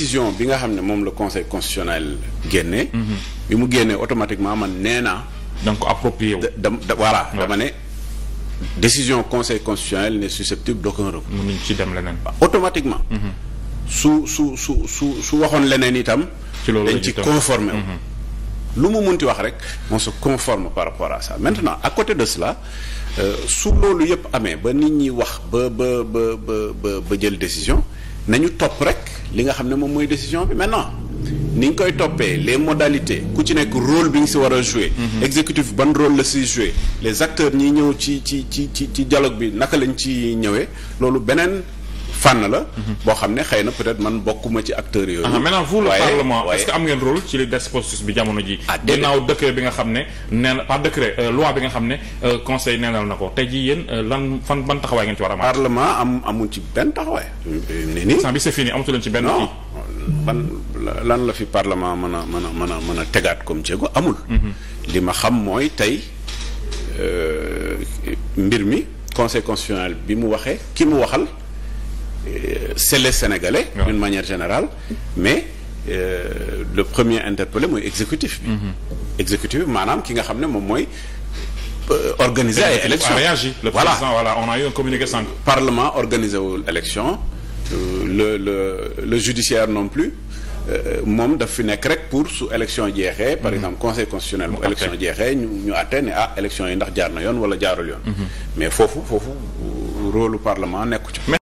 décision bi nga xam ne moom la conseil constitutionnel génne. bi mu génnee automatiquement man nee naa. da nga ko approprié wu. da voilà dama ne décision conseil constitutionnel n'est susceptible d'aucun recours. mënuñ ci dem leneen. automatiquement. Mm-hmm. su su su su waxoon leneen itam. ci loolu dañ ci conformé wu. Mm-hmm. lu mu munti wax rek on se conforme par rapport à ça maintenant à côté de cela euh, su loolu yëpp amee ba nit ñi wax ba ba ba ba ba jël décision nañu topp rek. li nga xam ne moom mooy décision bi maintenant ni ñu koy toppee les modalité ku ci nekk rôle bi ñu si war a jouer mhm. exécutif ban rôle la si jouer les acteurs ñi ñëw ci ci ci ci ci dialogue bi naka lañ ci ñëwee loolu beneen fànn la. boo xam ne xëy na peut-être man bokkuma ci acteur yooyu. waaye maintenant vous le parlement est-ce que am ngeen rôle ci li dispositif bi jamono ji ah ginnaaw décret bi nga xam ne nee na par décret euh, loi bi nga xam ne euh, conseil neenal na ko tey jii yéen euh, lan fan ban taxawaay ngeen ci war a. parlement am amul ci benn taxawaay. ni nii sànq bi c'est fini amatu leen ci benn. non ban lan la fi parlement mën a mën a mën a mën a tegaat comme jéego amul. Mhm. li ma xam mooy tey mbir mi conseil bi mu waxee ki mu waxal. Euh, c'est les Sénégalais d'une manière générale mais euh, le premier interpellé mooy exécutif bi. Mhm. exécutif maanaam ki nga xam ne moom mooy euh, organiser ay élections le voilà. président voilà on a eu un communiqué sans... parlement organisé wul euh, le le le judiciaire non plus moom daf fi nekk rek pour su élection jeexee par mm -hmm. exemple conseil constitutionnel bu élection jeexee ñu ñu àtte ne ah élection yi ndax jaar na yoon wala jaarul yoon mhm. mais foofu foofu rôle parlement nekku ci